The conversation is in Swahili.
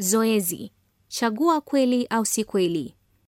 Zoezi: chagua kweli au si kweli.